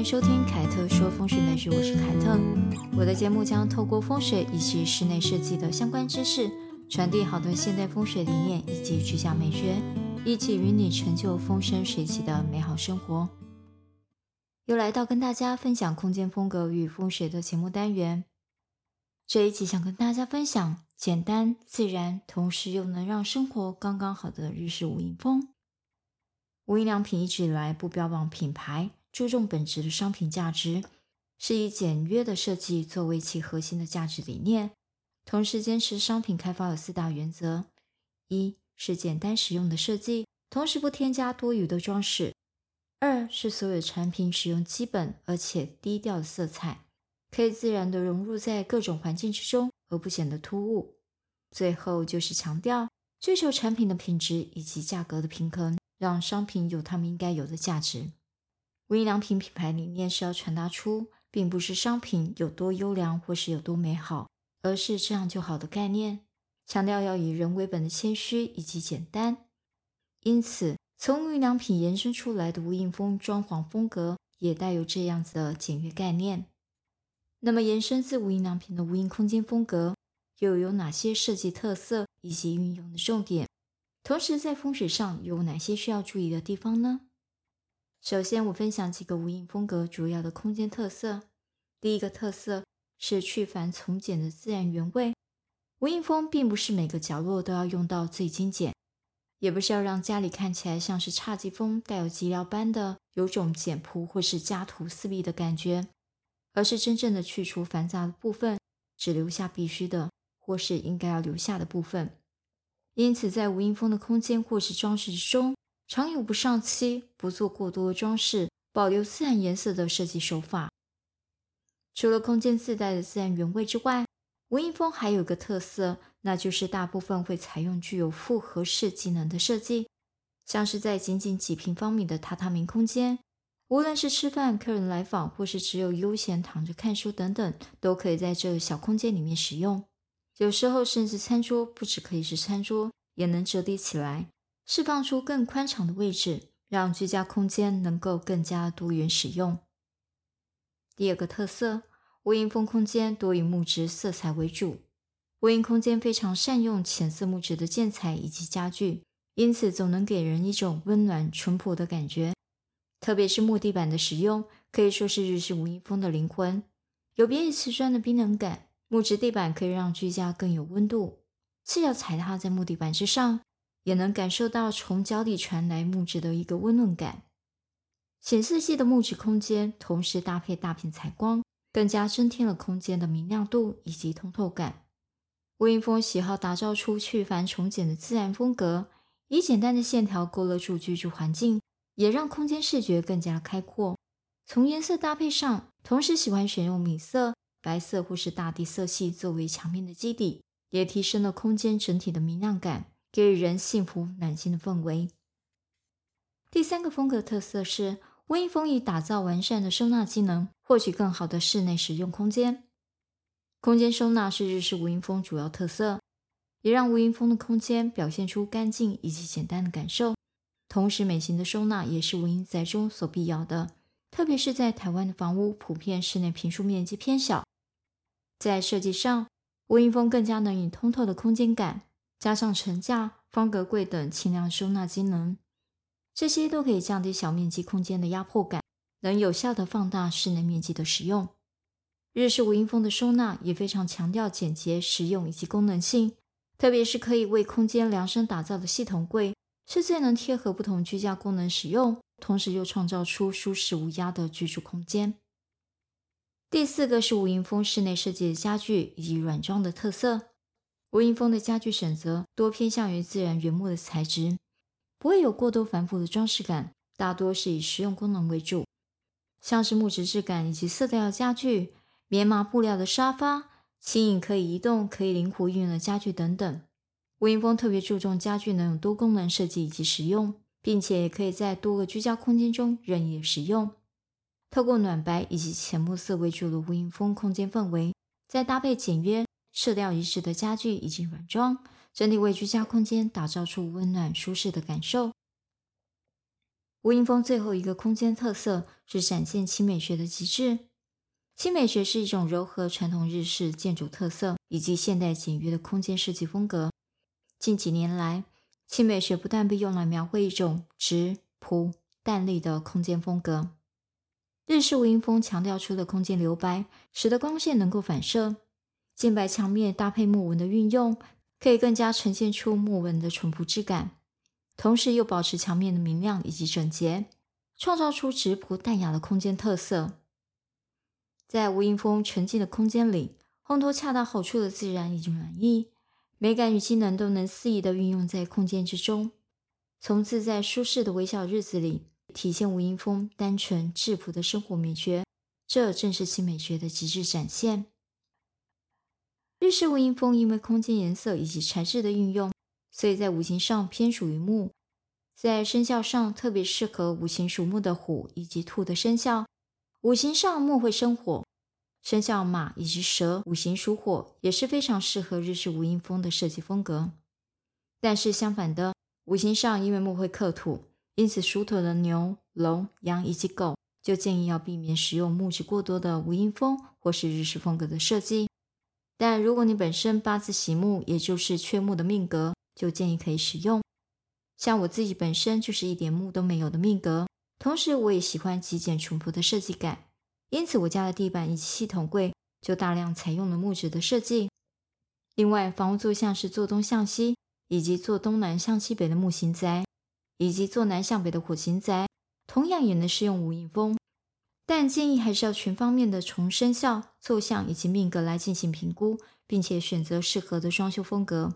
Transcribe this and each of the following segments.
歡迎收聽凱特說風水美學，我是凱特。我的節目將透過風水以及室內設計的相關知識，傳遞好的現代風水理念以及居家美學，一起與你成就風生水起的美好生活。又來到跟大家分享空間風格與風水的節目單元，這一期想跟大家分享簡單自然，同時又能讓生活剛剛好的日式無印風。無印良品一直以來不標榜品牌，注重本質的商品價值，是以簡約的設計作為其核心的價值理念，同時堅持商品開發的四大原則：一是簡單實用的設計，同時不添加多餘的裝飾；二是所有產品使用基本而且低調的色彩，可以自然的融入在各種環境之中而不顯得突兀；最後就是強調追求產品的品質以及價格的平衡，讓商品有他們應該有的價值。無印良品品牌理念是要傳達出，並不是商品有多優良或是有多美好，而是這樣就好的概念。強調要以人為本的謙虛以及簡單。因此，從無印良品延伸出來的無印風裝潢風格，也帶有這樣子的簡約概念。那麼，延伸自無印良品的無印空間風格，又有，有哪些設計特色以及運用的重點？同時，在風水上有哪些需要注意的地方呢？首先，我分享幾個無印風格主要的空間特色。第一個特色是去繁從簡的自然原味。無印風並不是每個角落都要用到最精簡，也不是要讓家裡看起來像是侘寂風帶有寂寥般的有種簡樸或是家徒四壁的感覺，而是真正的去除繁雜的部分，只留下必須的或是應該要留下的部分。因此，在無印風的空間或是裝飾之中，常有不上漆，不做過多的裝飾，保留自然顏色的設計手法。除了空間自帶的自然原味之外，無印風還有一個特色，那就是大部分會採用具有複合式機能的設計。像是在僅僅幾平方米的榻榻米空間，無論是吃飯、客人來訪，或是只有悠閒躺着看書等等，都可以在這個小空間裡面使用。有時候甚至餐桌不只可以是餐桌，也能折疊起來。釋放出更寬敞的位置，讓居家空間能夠更加多元使用。第二個特色，無印風空間多以木質色彩為主。無印空間非常善用淺色木質的建材以及家具，因此總能給人一種溫暖淳樸的感覺。特別是木地板的使用，可以說是日式無印風的靈魂。有別於瓷磚的冰冷感，木質地板可以讓居家更有溫度。赤腳踩踏在木地板之上，也能感受到從腳底傳來木質的一個溫暖感。淺色系的木質空間，同時搭配大片採光，更加增添了空間的明亮度以及通透感。無印風喜好打造出去繁從簡的自然風格，以簡單的線條勾勒出居住環境，也讓空間視覺更加開闊。從顏色搭配上，同時喜歡選用米色、白色或是大地色系作為牆面的基底，也提升了空間整體的明亮感。給予人幸福暖心的氛圍。第三個風格特色是，無印風以打造完善的收納機能，獲取更好的室內使用空間。空間收納是日式無印風主要特色，也讓無印風的空間表現出乾淨以及簡單的感受。同時，美型的收納也是無印宅中所必要的，特別是在台灣的房屋普遍室內坪數面積偏小。在設計上，無印風更加能以通透的空間感。加上層架、方格櫃等輕量收納機能，這些都可以降低小面積空間的壓迫感，能有效的放大室內面積的使用。日式無印風的收納也非常強調簡潔、實用以及功能性，特別是可以為空間量身打造的系統櫃，是最能貼合不同居家功能使用，同時又創造出舒適無壓的居住空間。第四個是無印風室內設計的家具以及軟裝的特色。無印風的家具選擇多偏向於自然原木的材質，不會有過多繁複的裝飾感，大多是以實用功能為主。像是木質質感以及色調的家具、棉麻布料的沙發、輕盈可以移動、可以靈活運用的家具等等。無印風特別注重家具能有多功能設計以及實用，並且也可以在多個居家空間中任意使用。透過暖白以及淺木色為主的無印風空間氛圍，再搭配簡約，色調一致的家具以及軟裝，整體為居家空間打造出溫暖舒適的感受。無印風最後一個空間特色是展現輕美學的極致。輕美學是一種柔和傳統日式建築特色以及現代簡約的空間設計風格。近幾年來，輕美學不斷被用來描繪一種質樸淡麗的空間風格。日式無印風強調出的空間留白，使得光線能夠反射。淨白牆面搭配木紋的運用，可以更加呈現出木紋的淳樸質感，同時又保持牆面的明亮以及整潔，創造出質樸淡雅的空間特色。在無印風純淨的空間裡，烘托恰到好處的自然以及暖意，美感與機能都能肆意的運用在空間之中，從自在舒適的微笑的日子裡，體現無印風單純質樸的生活美學，這正是其美學的極致展現。日式無印風因為空間顏色以及材質的運用，所以在五行上偏屬於木，在生肖上特別適合五行屬木的虎以及兔的生肖。五行上木會生火，生肖馬以及蛇五行屬火，也是非常適合日式無印風的設計風格。但是相反的，五行上因為木會剋土，因此屬土的牛、龍、羊以及狗，就建議要避免使用木質過多的無印風或是日式風格的設計。但如果你本身八字喜木，也就是缺木的命格，就建議可以使用。像我自己本身就是一點木都沒有的命格，同時我也喜歡極簡淳樸的設計感，因此我家的地板以及系統櫃就大量採用了木質的設計。另外，房屋坐向是坐東向西，以及坐東南向西北的木型宅，以及坐南向北的火型宅，同樣也能適用無印風。但建議還是要全方面的從生肖、坐向以及命格來進行評估，並且選擇適合的裝修風格，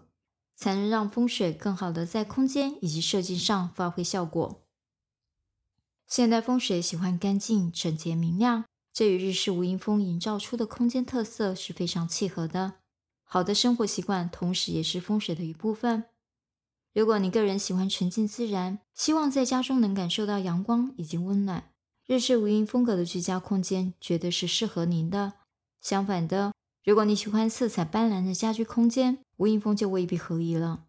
才能讓風水更好的在空間以及設計上發揮效果。現代風水喜歡乾淨、整潔、明亮，這與日式無印風營造出的空間特色是非常契合的。好的生活習慣同時也是風水的一部分。如果你個人喜歡沉浸自然，希望在家中能感受到陽光以及溫暖。日式無印風格的居家空間絕對是適合您的。相反的，如果你喜歡色彩斑斕的家居空間，無印風就未必合宜了。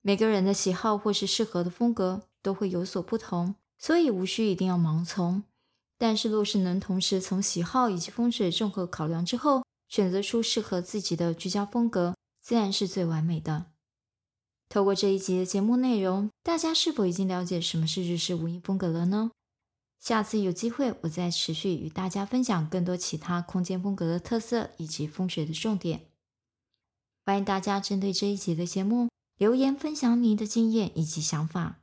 每個人的喜好或是適合的風格都會有所不同，所以無需一定要盲從。但是，若是能同時從喜好以及風水綜合考量之後，選擇出適合自己的居家風格，自然是最完美的。透過這一集的節目內容，大家是否已經了解什麼是日式無印風格了呢？下次有機會，我再持續與大家分享更多其他空間風格的特色以及風水的重點。歡迎大家針對這一集的節目留言分享您的經驗以及想法。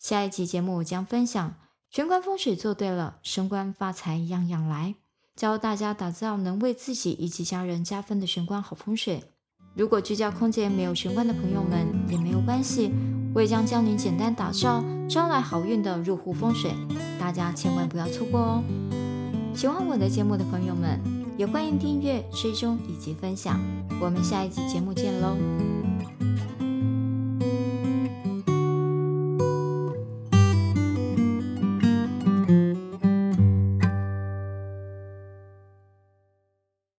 下一集節目我將分享玄關風水做對了，升官發財樣樣來，教大家打造能為自己以及家人加分的玄關好風水。如果居家空間沒有玄關的朋友們也沒有關係，我也將教您簡單打造招來好運的入戶風水，大家千萬不要錯過哦！喜歡我的節目的朋友們，也歡迎訂閱、追蹤以及分享。我們下一集節目見嘍！